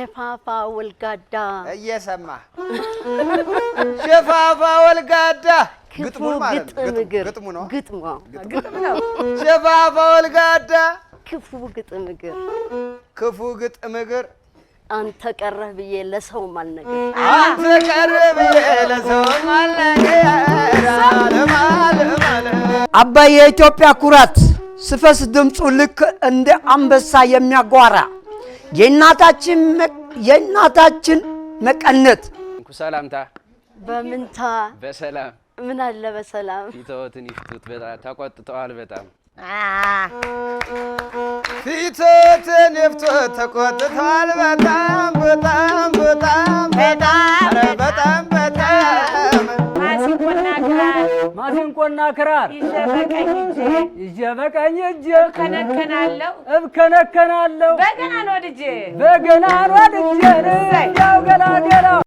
ሸፋፋ ወልጋዳ እየሰማ ሸፋፋ ወልጋዳ ግጥሙ ማለት ግጥሙ ነው። ግጥሙ ሸፋፋ ወልጋዳ ክፉ ግጥም እግር ክፉ ግጥም እግር አንተ ቀረህ ብዬ ለሰው ማልነገር አንተ ቀረህ ብዬ ለሰው ማልነገር አባይ የኢትዮጵያ ኩራት ስፈስ ድምፁ ልክ እንደ አንበሳ የሚያጓራ የእናታችን መቀነት ሰላምታ በምንታ በሰላም ምን አለ በሰላም ፊትዎትን ይፍቱት። በጣም ተቆጥተዋል። በጣም ፊትዎትን ይፍቱት ማሲንቆና ክራር ይዤ በቀኝ እጄ እብከነከናለሁ እብከነከናለሁ በገና ነው ልጄ በገና ነው ልጄ ያው ገላገላ